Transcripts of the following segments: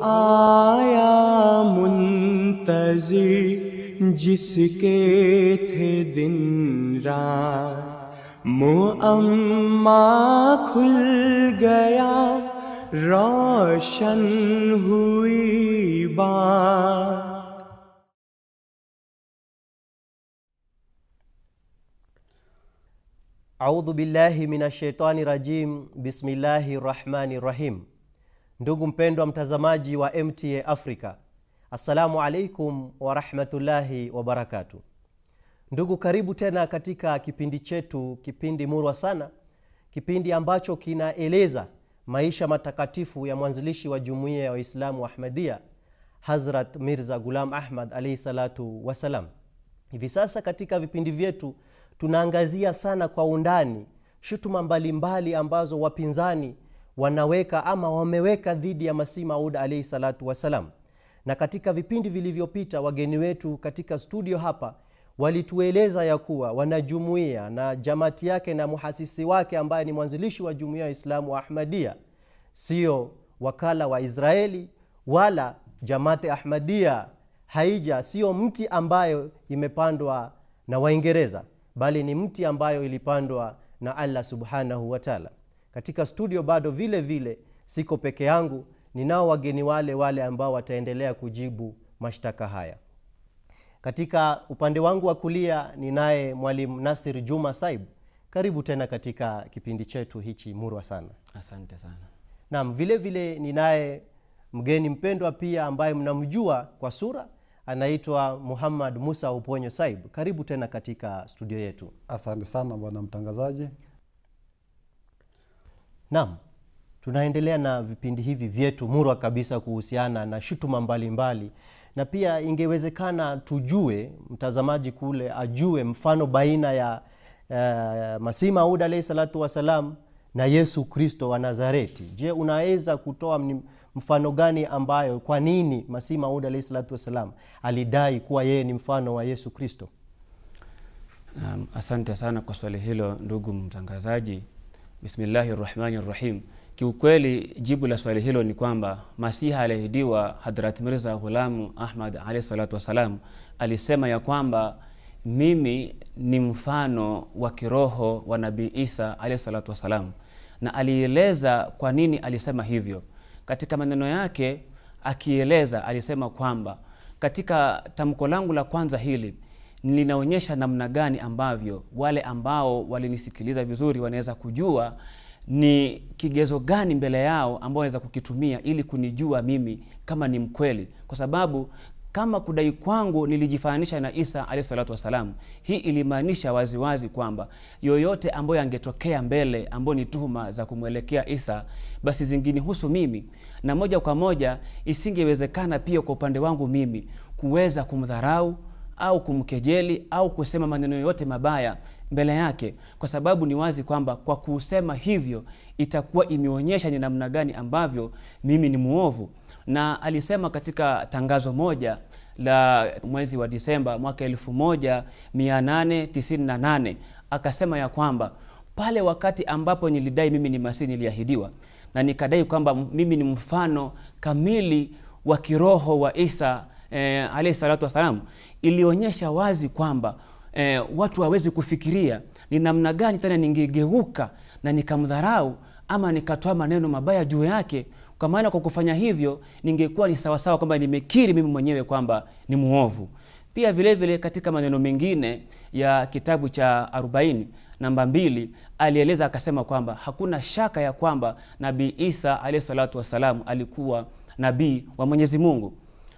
آیا منتظر جس کے تھے دن رات ماں کھل گیا روشن ہوئی بات اعوذ باللہ من الشیطان الرجیم بسم اللہ الرحمن الرحیم ndugu mpendwa mtazamaji wa mta africa assalamu alaikum warahmatullahi wabarakatu ndugu karibu tena katika kipindi chetu kipindi murwa sana kipindi ambacho kinaeleza maisha matakatifu ya mwanzilishi wa jumuiya ya waislamu wa ahmadia hazrat mirza gulam ahmad alaihi salatu wassalam hivi sasa katika vipindi vyetu tunaangazia sana kwa undani shutuma mbalimbali ambazo wapinzani wanaweka ama wameweka dhidi ya Masihi Maud alaihi salatu wassalam. Na katika vipindi vilivyopita wageni wetu katika studio hapa walitueleza ya kuwa wanajumuia na jamati yake na muhasisi wake ambaye ni mwanzilishi wa jumuia waislamu wa Ahmadia sio wakala wa Israeli wala jamati Ahmadia haija sio mti ambayo imepandwa na Waingereza bali ni mti ambayo ilipandwa na Allah subhanahu wataala katika studio bado vile vile siko peke yangu ninao wageni wale wale ambao wataendelea kujibu mashtaka haya katika upande wangu wa kulia ninaye mwalimu nasir juma saib karibu tena katika kipindi chetu hichi murwa sana asante sana naam vile vile ninaye mgeni mpendwa pia ambaye mnamjua kwa sura anaitwa muhammad musa uponyo saib karibu tena katika studio yetu asante sana bwana mtangazaji Naam, tunaendelea na vipindi hivi vyetu murwa kabisa kuhusiana na shutuma mbalimbali mbali. Na pia ingewezekana tujue, mtazamaji kule ajue mfano baina ya uh, Masihi Maud alayhi salatu wassalam na Yesu Kristo wa Nazareti. Je, unaweza kutoa mfano gani ambayo, kwa nini Masihi Maud alayhi salatu wassalam alidai kuwa yeye ni mfano wa Yesu Kristo? Um, asante sana kwa swali hilo ndugu mtangazaji. Bismillahi rahmani rahim. Kiukweli, jibu la swali hilo ni kwamba Masiha aliahidiwa Hadrat Mirza Ghulam Ahmad alayhi salatu wassalam alisema ya kwamba mimi ni mfano wa kiroho wa Nabii Isa alayhi salatu wassalam, na alieleza kwa nini alisema hivyo. Katika maneno yake akieleza, alisema kwamba katika tamko langu la kwanza hili linaonyesha namna gani ambavyo wale ambao walinisikiliza vizuri wanaweza kujua ni kigezo gani mbele yao ambao wanaweza kukitumia ili kunijua mimi kama ni mkweli, kwa sababu kama kudai kwangu nilijifananisha na Isa alayhi salatu wassalam, hii ilimaanisha waziwazi kwamba yoyote ambayo angetokea mbele ambayo ni tuhuma za kumwelekea Isa basi zinginihusu mimi, na moja kwa moja isingewezekana pia kwa upande wangu mimi kuweza kumdharau au kumkejeli au kusema maneno yote mabaya mbele yake, kwa sababu ni wazi kwamba kwa kusema hivyo itakuwa imeonyesha ni namna gani ambavyo mimi ni muovu. Na alisema katika tangazo moja la mwezi wa Disemba mwaka 1898 akasema ya kwamba pale wakati ambapo nilidai mimi ni Masihi, niliahidiwa na nikadai kwamba mimi ni mfano kamili wa kiroho wa Isa eh, alayhi salatu wassalam ilionyesha wazi kwamba eh, watu hawezi kufikiria ni namna gani tena ningegeuka na nikamdharau ama nikatoa maneno mabaya juu yake kwa maana kwa kufanya hivyo ningekuwa ni sawasawa kwamba nimekiri mimi mwenyewe kwamba ni muovu pia vilevile vile katika maneno mengine ya kitabu cha 40 namba mbili alieleza akasema kwamba hakuna shaka ya kwamba nabii isa alahi salatu wassalam alikuwa nabii wa mwenyezi mungu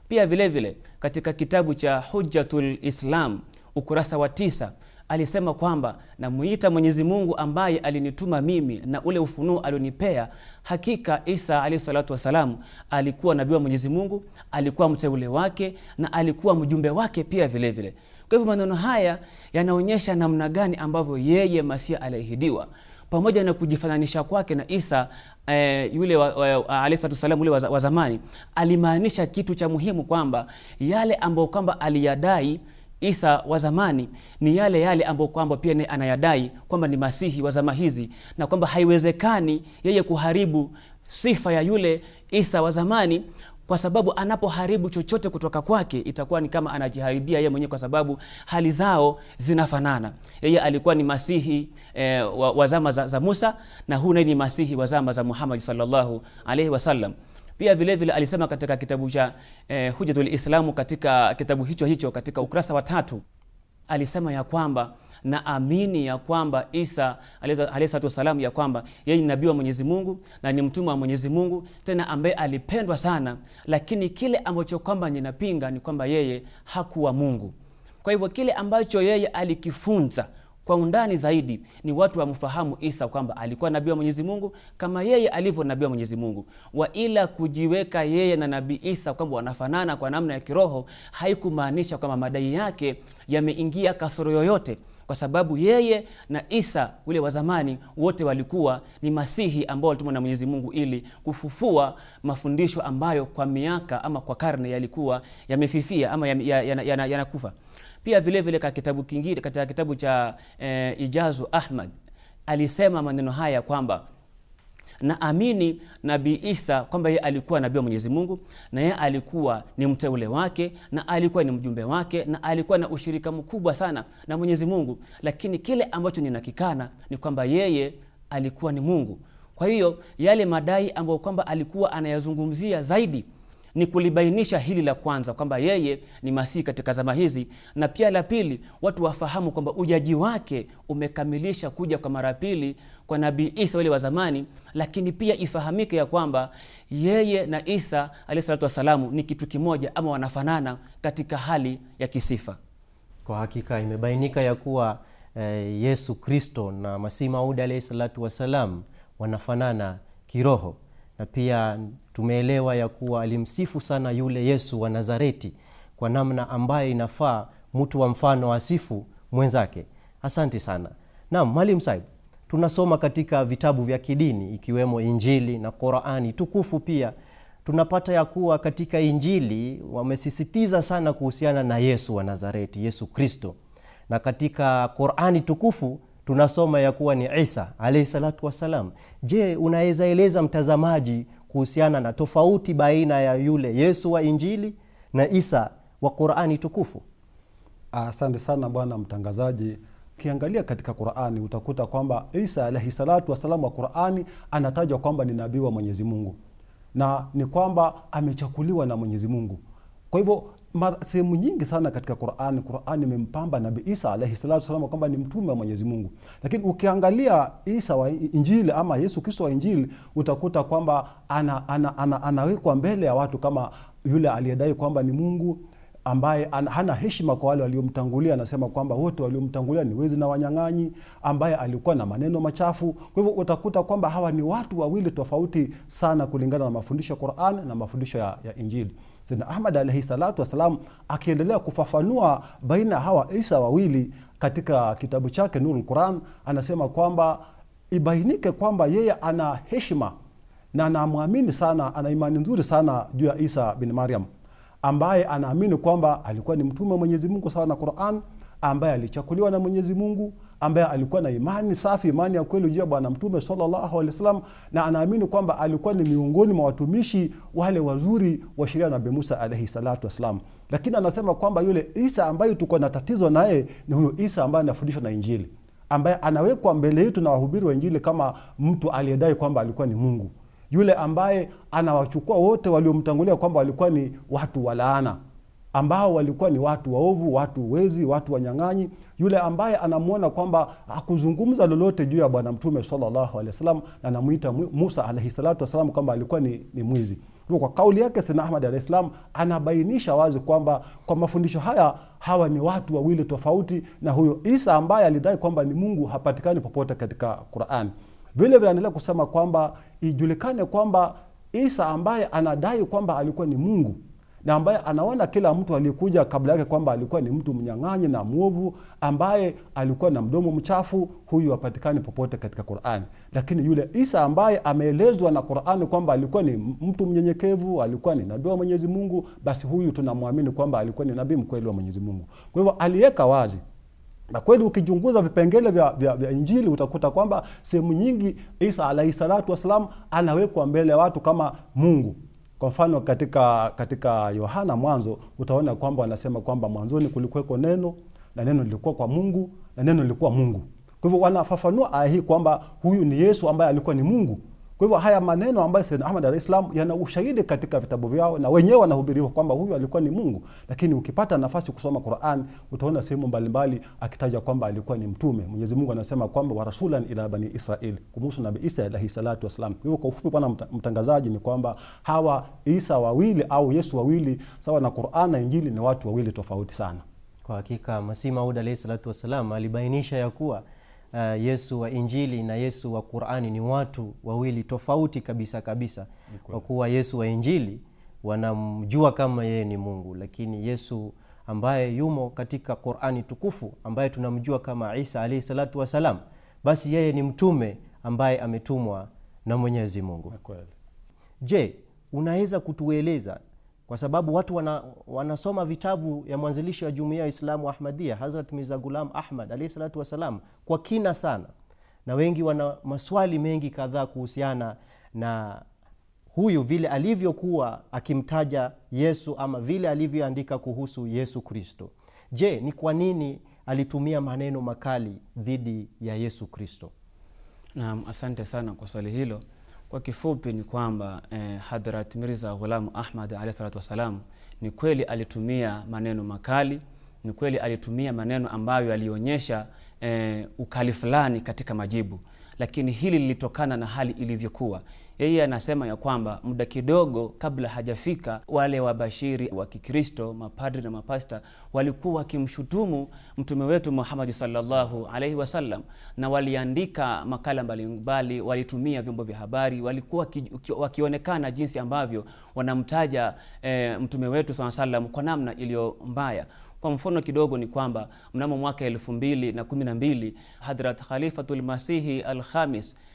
pia vilevile vile, katika kitabu cha Hujjatul Islam ukurasa wa tisa alisema kwamba namuita Mwenyezi Mungu ambaye alinituma mimi na ule ufunuo alionipea. Hakika Isa alehi salatu wassalam alikuwa nabii wa Mwenyezi Mungu, alikuwa mteule wake na alikuwa mjumbe wake pia vilevile vile. Kwa hivyo maneno haya yanaonyesha namna gani ambavyo yeye masia aliahidiwa pamoja na kujifananisha kwake na Isa e, yule alayhi salatu wasalam yule wa zamani, alimaanisha kitu cha muhimu kwamba yale ambayo kwamba aliyadai Isa wa zamani ni yale yale ambayo kwamba pia ni anayadai kwamba ni masihi wa zama hizi, na kwamba haiwezekani yeye kuharibu sifa ya yule Isa wa zamani kwa sababu anapoharibu chochote kutoka kwake itakuwa ni kama anajiharibia yeye mwenyewe, kwa sababu hali zao zinafanana. Yeye alikuwa ni masihi e, wa, wa zama za, za Musa na huu naye ni masihi wa zama za Muhammad sallallahu alaihi wasallam. Pia vile vile alisema katika kitabu cha e, eh, Hujjatul Islamu, katika kitabu hicho hicho, katika ukurasa wa tatu alisema ya kwamba na amini ya kwamba Isa alayhi salatu wasalam, ya kwamba yeye ni nabii wa Mwenyezi Mungu na ni mtume wa Mwenyezi Mungu, tena ambaye alipendwa sana, lakini kile ambacho kwamba ninapinga ni kwamba yeye hakuwa Mungu. Kwa hivyo kile ambacho yeye alikifunza kwa undani zaidi ni watu wamfahamu Isa kwamba alikuwa nabii wa Mwenyezi Mungu kama yeye alivyo nabii wa Mwenyezi Mungu, wa ila kujiweka yeye na nabii Isa kwamba wanafanana kwa namna ya kiroho haikumaanisha kwamba madai yake yameingia kasoro yoyote kwa sababu yeye na Isa ule wa zamani wote walikuwa ni masihi ambao walitumwa na Mwenyezi Mungu ili kufufua mafundisho ambayo kwa miaka ama kwa karne yalikuwa yamefifia ama yanakufa pia vile vile katika kitabu kingine katika kitabu cha e, Ijazu Ahmad alisema maneno haya kwamba na amini Nabii Isa kwamba yeye alikuwa nabii wa Mwenyezi Mungu na yeye alikuwa ni mteule wake na alikuwa ni mjumbe wake na alikuwa na ushirika mkubwa sana na Mwenyezi Mungu, lakini kile ambacho ninakikana ni kwamba yeye alikuwa ni Mungu. Kwa hiyo yale madai ambayo kwamba alikuwa anayazungumzia zaidi ni kulibainisha hili la kwanza kwamba yeye ni Masihi katika zama hizi, na pia la pili, watu wafahamu kwamba ujaji wake umekamilisha kuja kwa mara pili kwa Nabii Isa wale wa zamani, lakini pia ifahamike ya kwamba yeye na Isa alayhi salatu wassalamu ni kitu kimoja, ama wanafanana katika hali ya kisifa. Kwa hakika imebainika ya kuwa eh, Yesu Kristo na Masihi maudi alayhi salatu wassalam wanafanana kiroho na pia tumeelewa ya kuwa alimsifu sana yule Yesu wa Nazareti kwa namna ambayo inafaa mtu wa mfano asifu mwenzake. Asante sana. na Mwalimu Saib, tunasoma katika vitabu vya kidini ikiwemo Injili na Qurani tukufu pia tunapata ya kuwa katika Injili wamesisitiza sana kuhusiana na Yesu wa Nazareti, Yesu Kristo, na katika Qurani tukufu tunasoma ya kuwa ni Isa alaihi salatu wassalam. Je, unaweza eleza mtazamaji kuhusiana na tofauti baina ya yule Yesu wa Injili na Isa wa Qurani tukufu? Asante sana bwana mtangazaji. Ukiangalia katika Qurani utakuta kwamba Isa alaihi salatu wassalam wa Qurani anatajwa kwamba ni nabii wa Mwenyezi Mungu na ni kwamba amechakuliwa na Mwenyezi Mungu. Kwa hivyo sehemu nyingi sana katika Qur'an, Qur'an imempamba nabi Isa alayhi salatu wasallam kwamba ni mtume wa Mwenyezi Mungu, lakini ukiangalia Isa wa Injili ama Yesu Kristo wa Injili utakuta kwamba ana, ana, ana, anawekwa mbele ya watu kama yule aliyedai kwamba ni Mungu ambaye hana heshima kwa wale waliomtangulia. Anasema kwamba wote waliomtangulia ni wezi na wanyang'anyi, ambaye alikuwa na maneno machafu. Kwa hivyo utakuta kwamba hawa ni watu wawili tofauti sana kulingana na mafundisho ya Qur'an na mafundisho ya, ya Injili. Sayyidina Ahmad alaihi salatu wassalam akiendelea kufafanua baina ya hawa Isa wawili katika kitabu chake Nurul Quran, anasema kwamba ibainike kwamba yeye ana heshima na anamwamini sana, ana imani nzuri sana juu ya Isa bin Maryam ambaye anaamini kwamba alikuwa ni mtume wa Mwenyezi Mungu sawa na Quran, ambaye alichakuliwa na Mwenyezi Mungu ambaye alikuwa na imani safi, imani ya kweli juu ya Bwana Mtume sallallahu alaihi wasallam, na anaamini kwamba alikuwa ni miongoni mwa watumishi wale wazuri wa sheria nabi Musa alaihi salatu wassalam. Lakini anasema kwamba yule Isa ambaye tuko na tatizo naye ni huyo Isa ambaye anafundishwa na Injili, ambaye anawekwa mbele yetu na wahubiri wa Injili kama mtu aliyedai kwamba alikuwa ni Mungu, yule ambaye anawachukua wote waliomtangulia kwamba walikuwa ni watu walaana ambao walikuwa ni watu waovu, watu wezi, watu wanyang'anyi. Yule ambaye anamwona kwamba akuzungumza lolote juu ya Bwana Mtume sallallahu na anamwita Musa alaihi kwamba alikuwa ni, ni mwizi. Kwa kauli yake Sayyidna Ahmad alah salam anabainisha wazi kwamba kwa mafundisho haya hawa ni watu wawili tofauti, na huyo Isa ambaye alidai kwamba ni Mungu hapatikani popote katika Qur'an. Vile vile anaendelea kusema kwamba ijulikane kwamba Isa ambaye anadai kwamba alikuwa ni Mungu na ambaye anaona kila mtu aliyekuja kabla yake kwamba alikuwa ni mtu mnyang'anyi na mwovu ambaye alikuwa na mdomo mchafu, huyu hapatikani popote katika Qur'ani. Lakini yule Isa ambaye ameelezwa na Qur'ani kwamba alikuwa ni mtu mnyenyekevu, alikuwa ni nabii wa Mwenyezi Mungu, basi huyu tunamwamini kwamba alikuwa ni nabii mkweli wa Mwenyezi Mungu. Kwa hivyo aliweka wazi na kweli ukichunguza vipengele vya, vya, vya Injili utakuta kwamba sehemu nyingi Isa alaihi salatu wassalam anawekwa mbele ya watu kama Mungu kwa mfano katika katika Yohana mwanzo utaona kwamba wanasema kwamba mwanzoni kulikuweko neno na neno lilikuwa kwa Mungu na neno lilikuwa Mungu. Kwa hivyo wanafafanua aya hii kwamba huyu ni Yesu ambaye alikuwa ni Mungu kwa hivyo haya maneno ambayo Sayyidna Ahmad alayhi yana ushahidi katika vitabu vyao na wenyewe wanahubiriwa kwamba huyu alikuwa ni Mungu, lakini ukipata nafasi kusoma Qur'an utaona sehemu mbalimbali akitaja kwamba alikuwa ni mtume. Mwenyezi Mungu anasema kwamba wa rasulan ila bani Israil, kumhusu nabi Isa alayhi salatu wasalam. Kwa hivyo kwa ufupi, pana mtangazaji, ni kwamba hawa Isa wawili au Yesu wawili sawa na Qur'an na Injili ni watu wawili tofauti sana. Kwa hakika Masihi Maud alayhi salatu wasalam alibainisha ya kuwa uh, Yesu wa Injili na Yesu wa Qur'ani ni watu wawili tofauti kabisa kabisa, kwa kuwa Yesu wa Injili wanamjua kama yeye ni Mungu, lakini Yesu ambaye yumo katika Qur'ani tukufu ambaye tunamjua kama Isa alaihi salatu wassalam basi yeye ni mtume ambaye ametumwa na Mwenyezi Mungu. Je, unaweza kutueleza kwa sababu watu wana, wanasoma vitabu ya mwanzilishi wa jumuia ya Islamu Ahmadia Hazrat Mirza Gulam Ahmad alayhi salatu wassalam kwa kina sana, na wengi wana maswali mengi kadhaa kuhusiana na huyu vile alivyokuwa akimtaja Yesu ama vile alivyoandika kuhusu Yesu Kristo. Je, ni kwa nini alitumia maneno makali dhidi ya Yesu Kristo? Naam, asante sana kwa swali hilo. Kwa kifupi ni kwamba eh, Hadrat Mirza ghulamu Ahmad alayhi salatu wassalam ni kweli alitumia maneno makali, ni kweli alitumia maneno ambayo yalionyesha eh, ukali fulani katika majibu, lakini hili lilitokana na hali ilivyokuwa. Yeye anasema ya kwamba muda kidogo kabla hajafika, wale wabashiri wa Kikristo, mapadri na mapasta, walikuwa wakimshutumu mtume wetu Muhammad sallallahu alaihi wasallam, na waliandika makala mbalimbali, walitumia vyombo vya habari, walikuwa wakionekana jinsi ambavyo wanamtaja e, mtume wetu sallallahu alaihi wasallam kwa namna iliyo mbaya. Kwa mfano kidogo ni kwamba mnamo mwaka elfu mbili na kumi na mbili Hadrat Khalifatul Masihi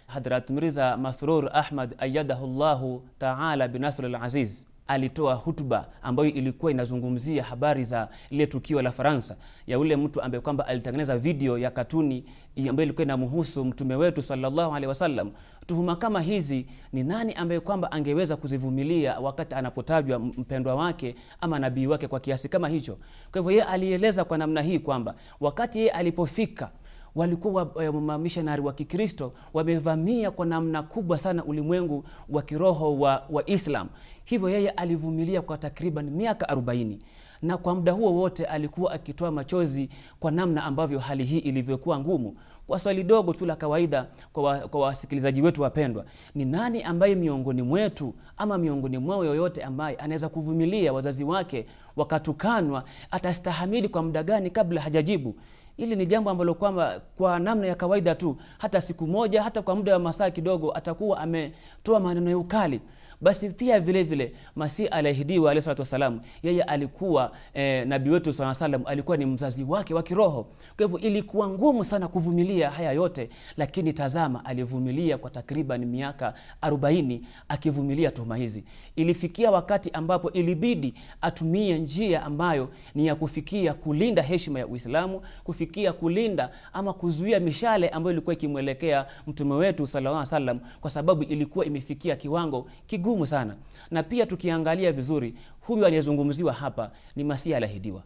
Hadrat Mirza Masrur Ahmad ayyadahullahu taala binasri al-aziz alitoa hutuba ambayo ilikuwa inazungumzia habari za ile tukio la Faransa ya ule mtu ambaye kwamba alitengeneza video ya katuni ambayo ilikuwa inamhusu mtume wetu sallallahu alaihi wasallam. Tuhuma kama hizi ni nani ambaye kwamba angeweza kuzivumilia wakati anapotajwa mpendwa wake ama nabii wake kwa kiasi kama hicho? Kwa hivyo, yeye alieleza kwa namna hii kwamba wakati yeye alipofika walikuwa e, eh, mamishonari wa Kikristo wamevamia kwa namna kubwa sana ulimwengu wa kiroho wa, wa Islam. Hivyo yeye alivumilia kwa takriban miaka 40 na kwa muda huo wote alikuwa akitoa machozi kwa namna ambavyo hali hii ilivyokuwa ngumu. Kwa swali dogo tu la kawaida kwa, wa, kwa wasikilizaji wetu wapendwa, ni nani ambaye miongoni mwetu ama miongoni mwao yoyote ambaye anaweza kuvumilia wazazi wake wakatukanwa, atastahamili kwa muda gani kabla hajajibu? Ili ni jambo ambalo kwamba kwa namna ya kawaida tu, hata siku moja, hata kwa muda wa masaa kidogo, atakuwa ametoa maneno ya ukali basi pia vile vile Masih aliahidiwa alayhi salatu wasalam, yeye alikuwa eh, nabii wetu sala salam alikuwa ni mzazi wake wa kiroho. Kwa hivyo ilikuwa ngumu sana kuvumilia haya yote, lakini tazama, alivumilia kwa takriban miaka 40 akivumilia tuhuma hizi. Ilifikia wakati ambapo ilibidi atumie njia ambayo ni ya kufikia kulinda heshima ya Uislamu, kufikia kulinda ama kuzuia mishale ambayo ilikuwa ikimwelekea mtume wetu sallallahu alaihi wasallam, kwa sababu ilikuwa imefikia kiwango kigu vigumu sana. Na pia tukiangalia vizuri, huyu aliyezungumziwa hapa ni Masihi aliahidiwa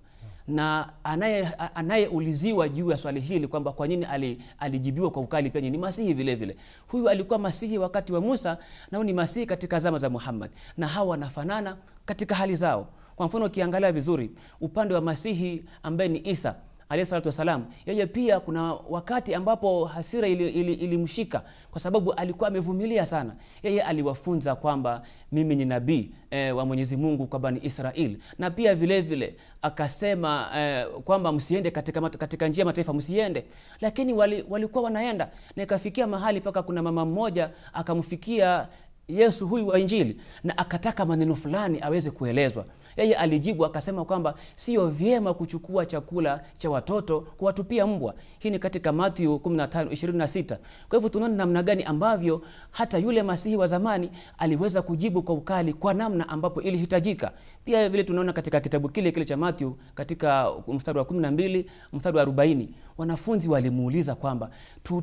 na anayeuliziwa anaye juu ya swali hili kwamba kwa nini alijibiwa kwa ukali penye ni Masihi vile vile. Huyu alikuwa Masihi wakati wa Musa na huyu ni Masihi katika zama za Muhammad, na hawa wanafanana katika hali zao. Kwa mfano, ukiangalia vizuri upande wa Masihi ambaye ni Isa alayhi salatu wasalam, yeye pia kuna wakati ambapo hasira ilimshika ili, ili kwa sababu alikuwa amevumilia sana. Yeye aliwafunza kwamba mimi ni nabii e, wa Mwenyezi Mungu kwa Bani Israel, na pia vile vile akasema e, kwamba msiende katika, katika njia mataifa msiende, lakini wali, walikuwa wanaenda na ikafikia mahali paka kuna mama mmoja akamfikia Yesu huyu wa Injili na akataka maneno fulani aweze kuelezwa yeye alijibu akasema kwamba sio vyema kuchukua chakula cha watoto kuwatupia mbwa. Hii ni katika Mathayo 15:26. Kwa hivyo tunaona namna gani ambavyo hata yule masihi wa zamani aliweza kujibu kwa ukali kwa namna ambapo ilihitajika. Pia vile tunaona katika kitabu kile kile cha Mathayo katika mstari wa 12 mstari wa 40, wanafunzi walimuuliza kwamba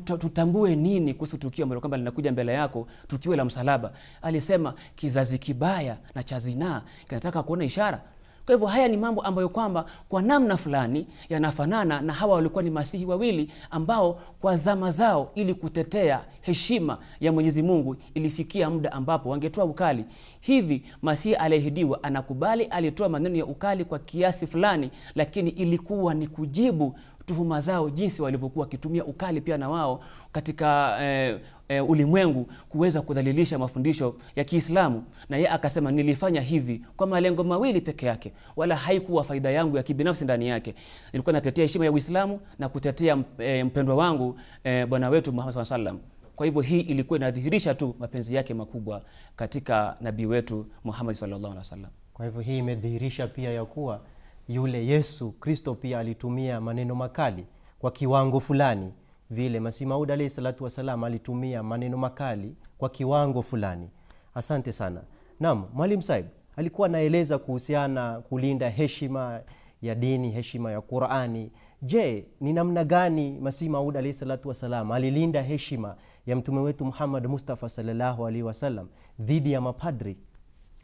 tutambue nini kuhusu tukio ambalo kwamba linakuja mbele yako, tukio la msalaba. Alisema kizazi kibaya na cha zinaa kinataka kuona ishara biashara. Kwa hivyo haya ni mambo ambayo kwamba kwa namna fulani yanafanana na hawa walikuwa ni masihi wawili ambao kwa zama zao, ili kutetea heshima ya Mwenyezi Mungu, ilifikia muda ambapo wangetoa ukali. Hivi masihi aliyeahidiwa anakubali, alitoa maneno ya ukali kwa kiasi fulani, lakini ilikuwa ni kujibu tuhuma zao, jinsi walivyokuwa wakitumia ukali pia na wao katika eh, eh, ulimwengu kuweza kudhalilisha mafundisho ya Kiislamu. Na yeye akasema, nilifanya hivi kwa malengo mawili peke yake, wala haikuwa faida yangu ya kibinafsi ndani yake. Nilikuwa natetea heshima ya Uislamu na kutetea eh, mpendwa wangu eh, bwana wetu Muhammad sallallahu alaihi wasallam. Kwa hivyo hii ilikuwa inadhihirisha tu mapenzi yake makubwa katika nabii wetu Muhammad sallallahu alaihi wasallam. Kwa hivyo hii imedhihirisha pia ya kuwa yule Yesu Kristo pia alitumia maneno makali kwa kiwango fulani vile Masihi Maud alaihi salatu wassalam alitumia maneno makali kwa kiwango fulani. Asante sana. nam Mwalimu Saib alikuwa anaeleza kuhusiana kulinda heshima ya dini, heshima ya Qurani. Je, ni namna gani Masihi Maud salatu wassalam alilinda heshima ya mtume wetu Muhammad Mustafa salllahu alaihi wasallam dhidi ya mapadri?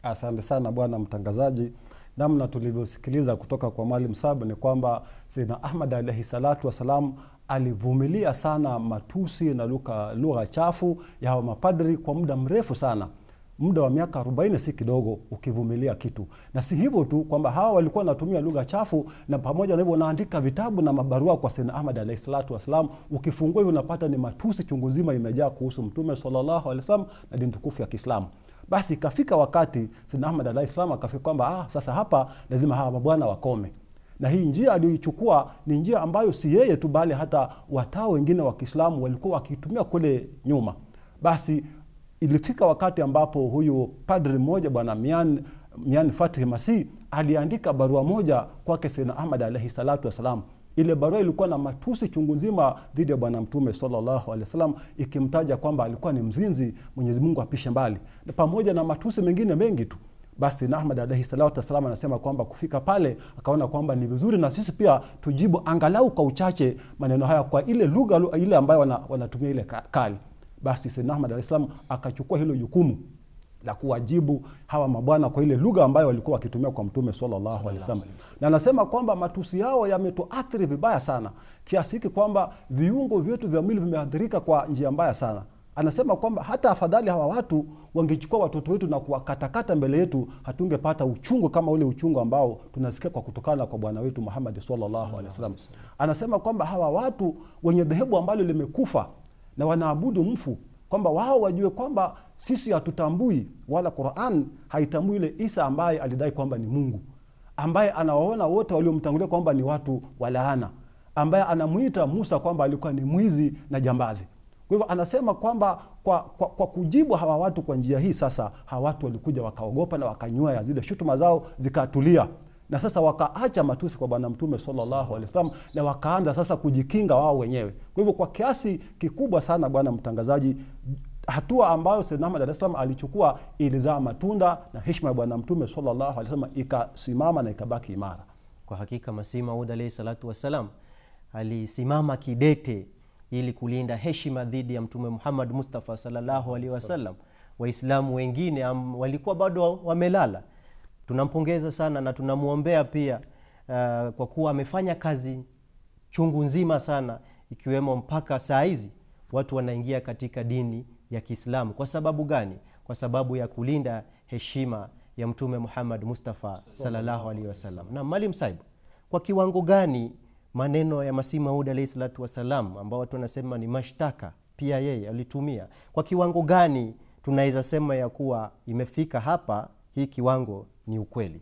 Asante sana bwana mtangazaji namna tulivyosikiliza kutoka kwa Mwalimu Sab ni kwamba sina Ahmad alaihi salatu wassalam alivumilia sana matusi na lugha chafu ya mapadri kwa muda mrefu sana muda wa miaka 40 si kidogo ukivumilia kitu. Na si hivyo tu kwamba hawa walikuwa wanatumia lugha chafu, na pamoja na hivyo wanaandika vitabu na mabarua kwa Sayyidna Ahmad alayhi salatu wasalam. Ukifungua unapata ni matusi chungu nzima imejaa kuhusu Mtume sallallahu alaihi wasallam na dini tukufu ya Kiislamu. Basi ikafika wakati Sidna Ahmad alaihis akafika kwamba ah, sasa hapa lazima hawa mabwana wakome na hii njia aliyoichukua ni njia ambayo si yeye tu bali hata watao wengine wa Kiislamu walikuwa wakiitumia kule nyuma. Basi ilifika wakati ambapo huyu padri mmoja bwana Mian, Mian Fathi Masi aliandika barua moja kwake sena Ahmad alaihi salatu wassalam ile barua ilikuwa na matusi chungu nzima dhidi ya Bwana Mtume sallallahu alaihi wasallam, ikimtaja kwamba alikuwa ni mzinzi, Mwenyezi Mungu apishe mbali, pamoja na matusi mengine mengi tu. Basi nahmad alaihi salatu wassalam anasema kwamba kufika pale akaona kwamba ni vizuri na sisi pia tujibu angalau kwa uchache maneno haya kwa ile lugha ile ambayo wanatumia wana ile kali. Basi Sayyidna Ahmad salam akachukua hilo jukumu la kuwajibu hawa mabwana kwa ile lugha ambayo walikuwa wakitumia kwa Mtume sallallahu alaihi wasallam, na anasema kwamba matusi yao yametuathiri vibaya sana kiasi hiki kwamba viungo vyetu vya mwili vimeathirika kwa njia mbaya sana. Anasema kwamba hata afadhali hawa watu wangechukua watoto wetu na kuwakatakata mbele yetu, hatungepata uchungu kama ule uchungu ambao tunasikia kwa kutokana kwa bwana wetu Muhammad sallallahu alaihi wasallam. Anasema kwamba hawa watu wenye dhehebu ambalo limekufa na wanaabudu mfu kwamba wao wajue kwamba sisi hatutambui wala Qur'an haitambui yule Isa ambaye alidai kwamba ni Mungu, ambaye anawaona wote waliomtangulia kwamba ni watu walaana, ambaye anamwita Musa kwamba alikuwa ni mwizi na jambazi. Kwa hivyo anasema kwamba kwa, kwa, kwa kujibu hawa watu kwa njia hii, sasa hawa watu walikuja wakaogopa na wakanyua zile shutuma zao zikatulia na sasa wakaacha matusi kwa Bwana Mtume sallallahu alaihi wasallam, na wakaanza sasa kujikinga wao wenyewe. Kwa hivyo, kwa kiasi kikubwa sana, bwana mtangazaji, hatua ambayo Sayyidna Ahmad alayhi salam alichukua ilizaa matunda na heshima ya Bwana Mtume sallallahu alaihi wasallam ikasimama na ikabaki imara. Kwa hakika Masihi Maud alaihi salatu wassalam alisimama kidete ili kulinda heshima dhidi ya Mtume Muhammad Mustafa sallallahu alaihi wasallam. Waislamu wengine walikuwa bado wamelala Tunampongeza sana na tunamwombea pia uh, kwa kuwa amefanya kazi chungu nzima sana, ikiwemo mpaka saa hizi watu wanaingia katika dini ya Kiislamu. Kwa sababu gani? Kwa sababu ya kulinda heshima ya Mtume Muhammad Mustafa sallallahu alaihi wasallam. Na malim Saibu, kwa kiwango gani maneno ya Masihi Maud alahi salatu wassalam ambao watu wanasema ni mashtaka pia yeye alitumia, kwa kiwango gani tunaweza sema ya kuwa imefika hapa hii kiwango ni ukweli.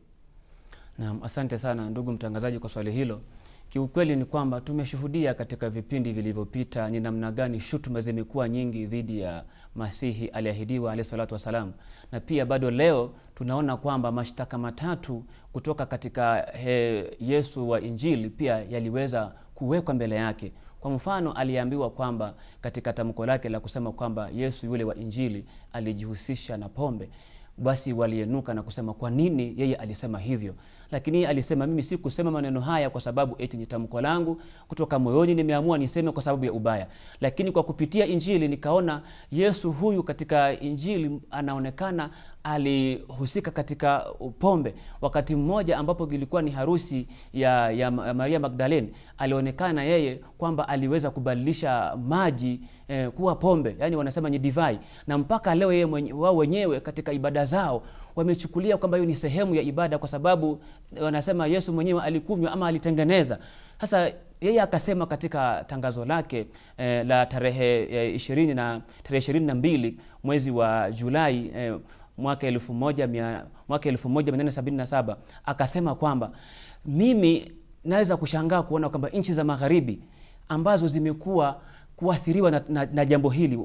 Naam, asante sana ndugu mtangazaji kwa swali hilo. Kiukweli ni kwamba tumeshuhudia katika vipindi vilivyopita ni namna gani shutuma zimekuwa nyingi dhidi ya Masihi aliahidiwa alehi salatu wassalam, na pia bado leo tunaona kwamba mashtaka matatu kutoka katika he, Yesu wa Injili pia yaliweza kuwekwa mbele yake. Kwa mfano, aliambiwa kwamba katika tamko lake la kusema kwamba Yesu yule wa Injili alijihusisha na pombe basi walienuka na kusema kwa nini yeye alisema hivyo lakini alisema mimi sikusema maneno haya kwa sababu eti ni tamko langu kutoka moyoni, nimeamua niseme kwa sababu ya ubaya, lakini kwa kupitia Injili nikaona Yesu huyu katika Injili anaonekana alihusika katika pombe. Wakati mmoja ambapo ilikuwa ni harusi ya, ya Maria Magdalene, alionekana yeye kwamba aliweza kubadilisha maji eh, kuwa pombe, yani wanasema ni divai, na mpaka leo yeye wao wenyewe katika ibada zao wamechukulia kwamba hiyo ni sehemu ya ibada, kwa sababu eh, wanasema Yesu mwenyewe alikunywa ama alitengeneza. Sasa yeye akasema katika tangazo lake eh, la tarehe eh, 20 na tarehe 22 mwezi wa Julai eh, mwaka 1877 akasema kwamba mimi naweza kushangaa kuona kwamba nchi za magharibi ambazo zimekuwa kuathiriwa na, na, na jambo hili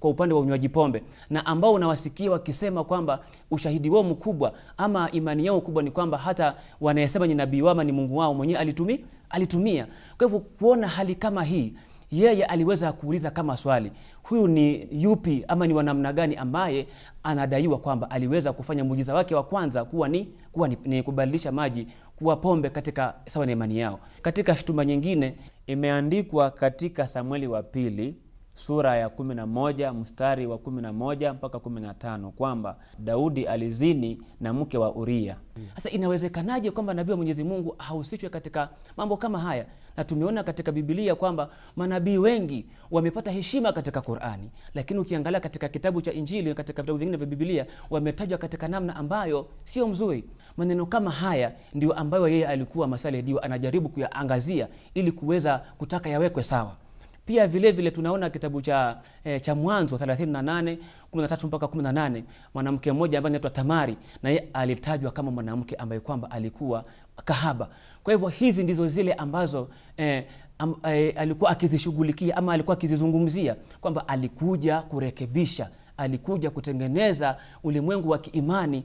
kwa upande wa unywaji pombe na ambao unawasikia wakisema kwamba ushahidi wao mkubwa ama imani yao kubwa ni kwamba hata wanayesema ni nabii wao ni Mungu wao mwenyewe alitumia alitumia. Kwa hivyo kuona hali kama hii yeye aliweza kuuliza kama swali, huyu ni yupi ama ni wanamna gani ambaye anadaiwa kwamba aliweza kufanya muujiza wake wa kwanza kuwa ni, kuwa ni, ni kubadilisha maji kuwa pombe katika sawa na imani yao. Katika shutuma nyingine imeandikwa katika Samueli wa pili sura ya 11 mstari wa 11 mpaka 15 kwamba Daudi alizini na mke wa Uria. Sasa inawezekanaje kwamba nabii wa Mwenyezi Mungu ahusishwe katika mambo kama haya? Na tumeona katika Biblia kwamba manabii wengi wamepata heshima katika Qur'ani, lakini ukiangalia katika kitabu cha Injili, katika vitabu vingine vya Biblia wametajwa katika namna ambayo sio mzuri. Maneno kama haya ndio ambayo yeye alikuwa masalia, ndio anajaribu kuyaangazia ili kuweza kutaka yawekwe sawa. Pia vile vile tunaona kitabu cha e, cha Mwanzo 38 13 mpaka 18, mwanamke mmoja ambaye anaitwa Tamari, na yeye alitajwa kama mwanamke ambaye kwamba alikuwa kahaba. Kwa hivyo hizi ndizo zile ambazo e, am, e, alikuwa akizishughulikia ama alikuwa akizizungumzia kwamba alikuja kurekebisha alikuja kutengeneza ulimwengu wa kiimani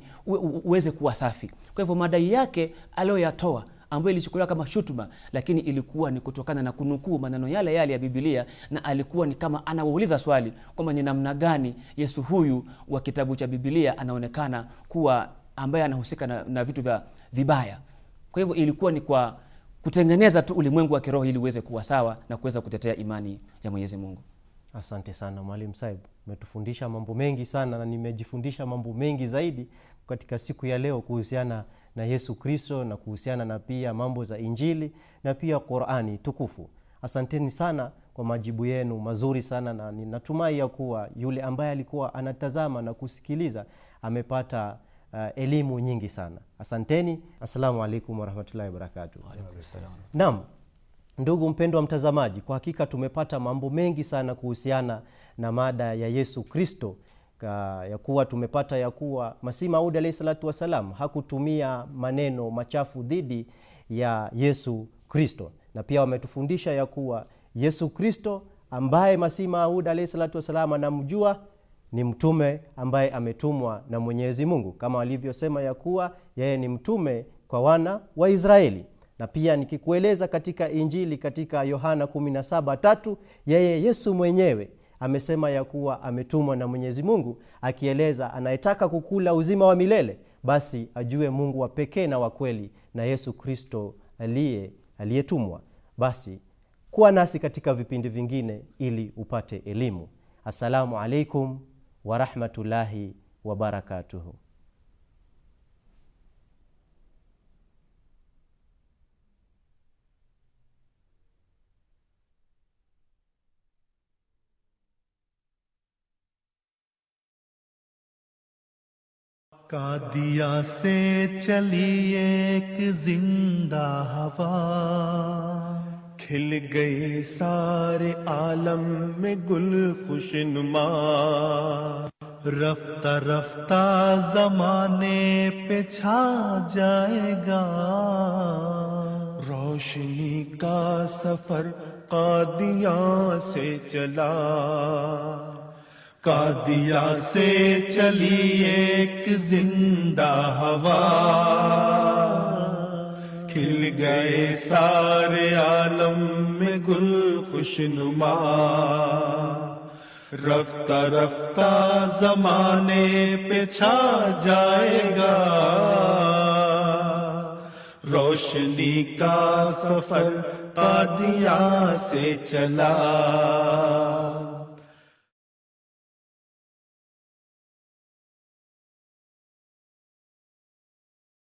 uweze kuwa safi. Kwa hivyo madai yake aliyoyatoa ambayo ilichukuliwa kama shutuma, lakini ilikuwa ni kutokana na kunukuu maneno yale yale ya Biblia, na alikuwa ni kama anawauliza swali kwamba ni namna gani Yesu huyu wa kitabu cha Biblia anaonekana kuwa ambaye anahusika na, na vitu vya vibaya. Kwa hivyo ilikuwa ni kwa kutengeneza tu ulimwengu wa kiroho ili uweze kuwa sawa na kuweza kutetea imani ya Mwenyezi Mungu. Asante sana Mwalimu Saib, umetufundisha mambo mengi sana na nimejifundisha mambo mengi zaidi katika siku ya leo kuhusiana na Yesu Kristo na kuhusiana na pia mambo za Injili na pia Qurani tukufu. Asanteni sana kwa majibu yenu mazuri sana, na ninatumai ya kuwa yule ambaye alikuwa anatazama na kusikiliza amepata uh, elimu nyingi sana. Asanteni, assalamu alaikum warahmatullahi wabarakatuh. Naam. Ndugu wa mtazamaji, kwa hakika tumepata mambo mengi sana kuhusiana na mada ya Yesu Kristo ya kuwa tumepata ya kuwa Masih maudi alayhi salatu wassalam hakutumia maneno machafu dhidi ya Yesu Kristo, na pia wametufundisha ya kuwa Yesu Kristo ambaye Masih Maud alayhi salatu wassalam anamjua ni mtume ambaye ametumwa na Mwenyezi Mungu, kama alivyosema ya kuwa yeye ni mtume kwa wana wa Israeli na pia nikikueleza katika Injili katika Yohana 17:3 yeye Yesu mwenyewe amesema ya kuwa ametumwa na Mwenyezi Mungu akieleza anayetaka kukula uzima wa milele basi ajue Mungu wa pekee na wa kweli na Yesu Kristo aliye aliyetumwa. Basi kuwa nasi katika vipindi vingine ili upate elimu. Assalamu alaikum warahmatullahi wabarakatuhu. کادیا سے چلی ایک زندہ ہوا کھل گئے سارے عالم میں گل خوش نما رفتہ رفتہ زمانے پہ چھا جائے گا روشنی کا سفر قادیاں سے چلا قادیا سے چلی ایک زندہ ہوا کھل گئے سارے عالم میں گل خوشنما رفتہ رفتہ زمانے پہ چھا جائے گا روشنی کا سفر قادیا سے چلا